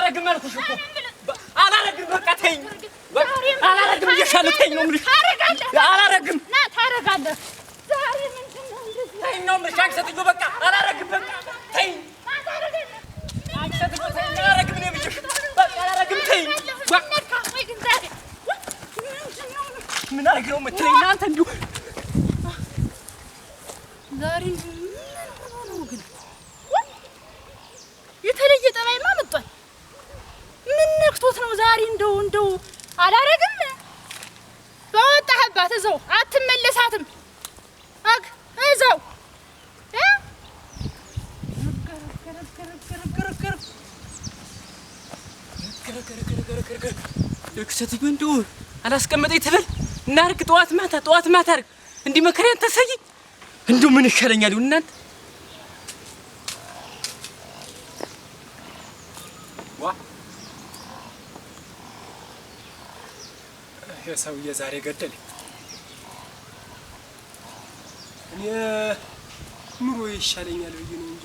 አላረግም አልኩሽ እኮ አላረግም። በቃ ተይኝ። አላረግም እየሻለተኝ ነው የምልሽ። አላረግም ና ታረጋለህ። ዛሬ ምንድን ነው እንደዚህ? ተይኝ ነው የምልሽ አንቺ ሴትዮ። በቃ አላረግም። በቃ ተይኝ አላረግም ነክቶት ነው ዛሬ። እንደው እንደው አላረግም በወጣህባት እዛው አትመለሳትም። አግ እዛው ክሰትዮ እንደው አላስቀመጠኝ ትበል እናርግ ጠዋት ማታ ጠዋት ማታ አርግ እንዲህ እንደው ምን ይሻለኛል እናንተ ይሄ ሰውዬ ዛሬ ገደለኝ። እኔ ኑሮ ይሻለኛል ብዬ ነው እንጂ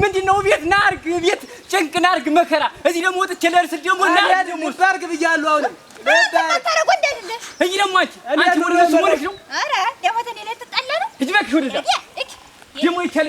ምንድን ነው ቤት ና ቤት ጭንቅ ና መከራ። እዚህ ደግሞ ወጥቼ ደግሞ ና ብያለሁ አሁን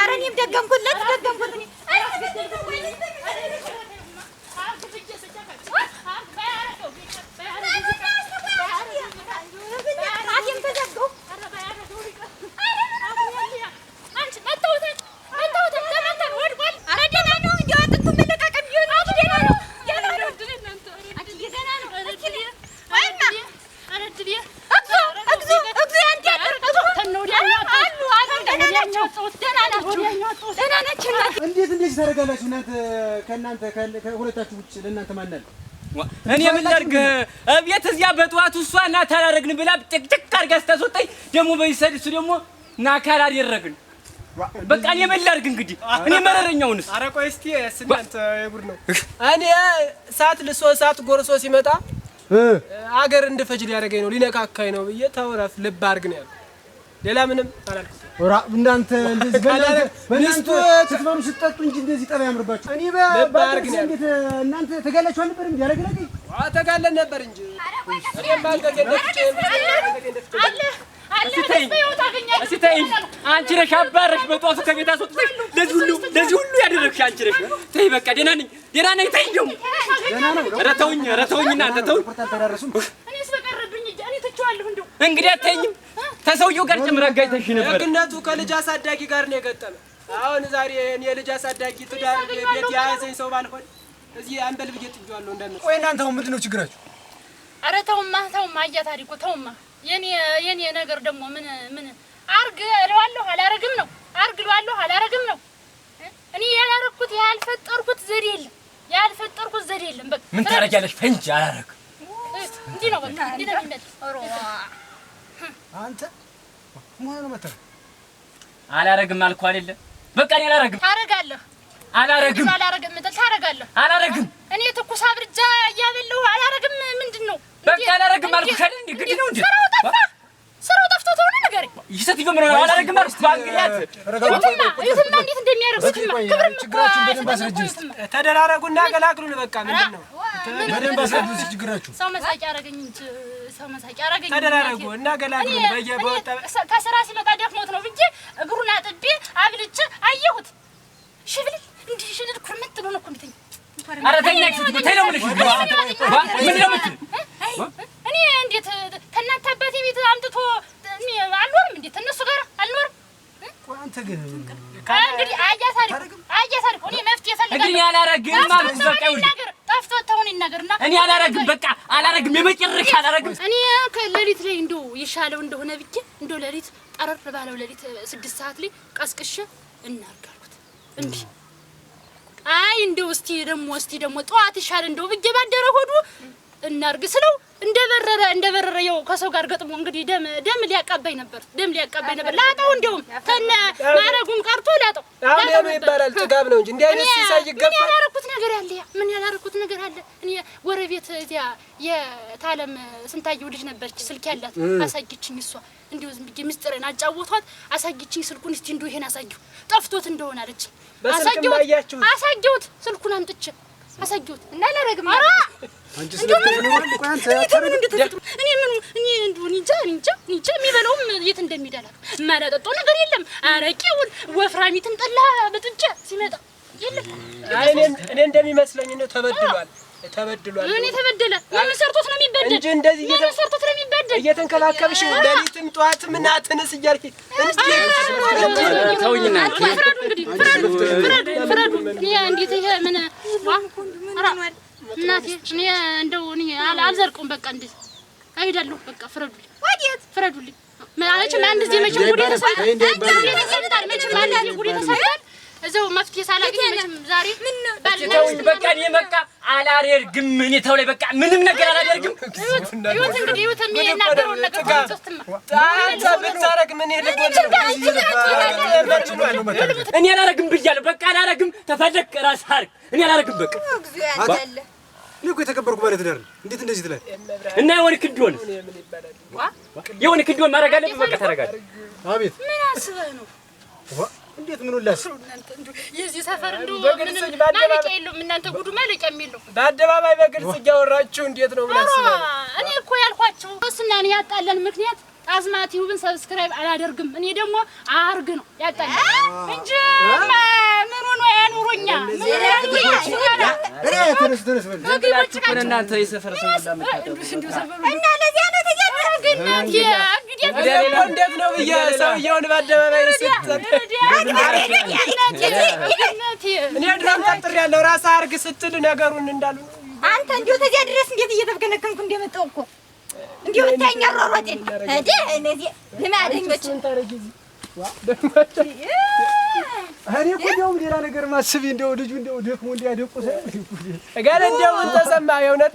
ኧረ እኔም ደገምኩለት ደህና ናቸው። ደህና እንዴት እንደዚህ ታደርጋላችሁ እናንተ? ከእናንተ ከሁለታችሁ ውጭ ለእናንተ ማን አለ? እኔ ምን ላድርግ? እቤት እዚያ በጠዋቱ እሷ እናት አላደርግን ብላ ጭቅጭቅ አድርጋ ስታስወጣኝ ደግሞ በይሰድ እሱ ደግሞ ናካል አደረግን። በቃ እኔ ምን ላድርግ እንግዲህ እኔ መረረኛውንስ። ኧረ ቆይ እስኪ ስንት የጉድ ነው። እኔ ሰዓት ልሶ ሰዓት ጎርሶ ሲመጣ አገር እንደፈጅ ሊያደርገኝ ነው ሊነካካኝ ነው ብዬ ተውረፍ ልብ አድርግ ነው ያልኩት። ሌላ ምንም አላልኩም። እንዳንተ ሚስቱ ስትበሉ ስትጠጡ እንጂ እንደዚህ ጠባ ያምርባችሁ። እኔ እንዴት እናንተ ተጋላችሁ አልነበር? እንዲ ያረግለኝ ተጋለን ነበር እንጂ አንቺ ነሽ አባረሽ በጧቱ ከቤት አስወጥተሽ ለዚህ ሁሉ ያደረግሽ አንቺ ነሽ። ተይ በቃ ደህና ነኝ፣ ደህና ነኝ። ተይ እንደውም ኧረ ተውኝ፣ ኧረ ተውኝ። እናንተ ተውኝ። እንግዲህ አትተኝም ከሰውየው ጋር ጭምር አጋጭተሽ ነበር። ደግነቱ ከልጅ አሳዳጊ ጋር ነው የገጠመ። አሁን ዛሬ እኔ ልጅ አሳዳጊ ትዳር ቤት የያዘኝ ሰው ባልሆን እዚህ አንበል ብዬ ጥያለሁ። እንዳነ ቆይ እናንተ አሁን ምንድን ነው ችግራችሁ? አረ ተውማ ተውማ፣ አያ ታሪኩ ተውማ። የኔ የኔ ነገር ደግሞ ምን ምን አርግ እለዋለሁ አላረግም ነው አርግ እለዋለሁ አላረግም ነው። እኔ ያላረግኩት ያልፈጠርኩት ዘዴ የለም ያልፈጠርኩት ዘዴ የለም። በቃ ምን ታረጊያለሽ? ፈንጅ አላረግ እንዲህ ነው በቃ እንዲህ ነው የሚመጣ አንተ መሆኑ ነው መተህ አላረግም አልኩህ አይደለ? በቃ እኔ አላረግም። ታረጋለህ። አላረግም አላረግም እንትን ታረጋለህ። አላረግም እኔ ትኩስ አብርጃ እያበላሁ አላረግም። ምንድን ነው በቃ አላረግም አልኩህ አይደል? እንዴ ግድ ነው እንዴ? ስራው ጠፋ፣ ስራው ጠፍቶ ተሆነ ነገር ይሰት ይፈምሮ ነው አላረግም አልኩህ። ባንግላት እትማ እትማ እንዴት እንደሚያደርግ ስትማ ክብርም ችግራችሁን በደንብ አስረጅት። ተደራረጉና ገላግሉን። በቃ ምንድን ነው በደንብ አስረጅት ችግራችሁ። ሰው መሳቂያ አረገኝ እንጂ ሰው መሳቂ አረገኝ። ተደራረጉ እና ገላግሉን በየበወጣ ከስራ ሲመጣ ደክሞት ነው ብዬ እግሩን አጥቤ አብልቼ አየሁት። ሽብል እንዲህ ሽብል እኮ የምትሉ ነው እኮ የምትይኝ። ኧረ ተኛ ጊዜ ተይ ምን ነው እኔ እንዴት ከእናንተ አባቴ ቤት አምጥቶ አልኖርም? እንዴት እነሱ ጋር አልኖርም? አንተ ግን እንግዲህ አያሳድቁ አያሳድቁ እኔ መፍትሄ እፈልጋለሁ። እንግዲህ አላረግም ማለት በቃ ይኸውልህ ጠፍቶ ተውን ይናገርና እኔ አላረግም፣ በቃ አላረግም፣ የመጨረሻ አላረግም። እኔ ከሌሊት ላይ እንዶ የሻለው እንደሆነ ብቻ እንዶ ሌሊት ጠረር ባለው ሌሊት ስድስት ሰዓት ላይ ቀስቅሽ እናርጋልኩት እንዴ አይ እንደው እስቲ ደግሞ እስቲ ደግሞ ጠዋት ይሻል እንደው ብዬ ባደረ ሆዱ እናርግ ስለው እንደበረረ እንደበረረ ያው ከሰው ጋር ገጥሞ እንግዲህ ደም ደም ሊያቃባኝ ነበር፣ ደም ሊያቃባኝ ነበር። ላጣው እንደውም ከነ ማረጉም ቀርቶ ላጣው አሁን ላጣው ይባላል። ጥጋብ ነው እንጂ እንዲህ አይነት ሲሳይ ይገባል። ምን ያላረኩት ነገር አለ? ምን ያላረኩት ነገር አለ? እኔ ወረቤት እዚያ የታለም ስንታየው ልጅ ነበረች፣ ስልክ ያላት አሳጊችኝ። እሷ እንዲሁ ዝም ብዬ ምስጢሬን አጫወቷት፣ አሳጊችኝ ስልኩን። እስቲ እንዲሁ ይሄን አሳጊው ጠፍቶት እንደሆነ አለችኝ። አሳጊውት አሳጊውት ስልኩን አምጥቼ አሰጆት እና አላረግም። ኧረ አንቺ እኔ ምን እኔ እንደው እኔ እንጃ እንጃ እንጃ የሚበላውም የት እንደሚደላ የማላጠጣው ነገር የለም። አረቄውን ወፍራሚትም ጠላ በጥጃ ሲመጣ የለም። እኔ እንደሚመስለኝ ነው ተበድሏል፣ ተበድሏል። እኔ ተበደለ ምን ሰርቶት ነው የሚበደል እንጂ እንደዚህ እንዴ እየተንከላከብሽ ለሊትም ጠዋትም እና ትንስ እያልኪ ተውኝና ፍረዱ። እንግዲህ ፍረዱ፣ ፍረዱ፣ ፍረዱ። እንዴት ይሄ ምን እናቴ፣ እኔ እንደው እኔ አልዘልቀውም። በቃ እንዴ አይደለሁ። በቃ ፍረዱልኝ፣ ፍረዱልኝ። መቼም አንድ ጊዜ መቼም ጉዴ ተሰምቷል። መቼም አንድ ጊዜ ጉዴ ተሰምቷል። እዛው መፍትሄ ሳላገኘችም ዛሬ ምን በቃ እኔ በቃ አላደርግም። እኔ ተው ላይ በቃ ምንም ነገር አላደርግም። ይኸውት እንግዲህ ይኸውት የሚናገረውን ነገር ምን እኔ አላደርግም ብያለሁ። በቃ አላደርግም። ተፈለግ ራስ አድርግ። እኔ አላደርግም በቃ እኔ እኮ የተከበርኩ ባለ ትዳር እንዴት እንደዚህ ትላለህ? እና የሆነ ክንድ ሆነ የሆነ ክንድ ሆነ ማድረግ አለብህ። በቃ ታደርጋለህ። አቤት ምን አስበህ ነው? እንዴት ምኑ ላስ የዚህ ሰፈር እንደው ማለቂያ የለውም። እናንተ ጉዱ ማለቂያ የለውም። በአደባባይ በግልጽ እያወራችሁ እንዴት ነው ብላስ እኔ እኮ ያልኳችሁ እሱና እኔ ያጣለን ምክንያት አዝማት ይሁብን ሰብስክራይብ አላደርግም እኔ ደግሞ አርግ ነው ያጣለን እንጂ ምኑ ነው ያኑሩኛ እናንተ የሰፈር ሰው እና ለዚያ ነው ተጀመረ ግን እንዴት ነው ብዬ ሰውዬውን በአደባባይ እኔ ድሮም ጠርጥሬያለሁ። እራስህ አድርግ ስትል ነገሩን እንዳሉ አንተ እንዲሁ ተዚያ ድረስ እንዴት እየተፍገነከንኩ እንደመጣሁ እኮ እንዲሁ ብታይኝ አሯሯጤን እነዚህ ልማደኞች እኔ እኮ እንደውም ሌላ ነገር ማስቤ እንደው ልጁ እንደው ደክሞ እንዲያደቁ እገሌ እንደው ምን ተሰማህ የእውነት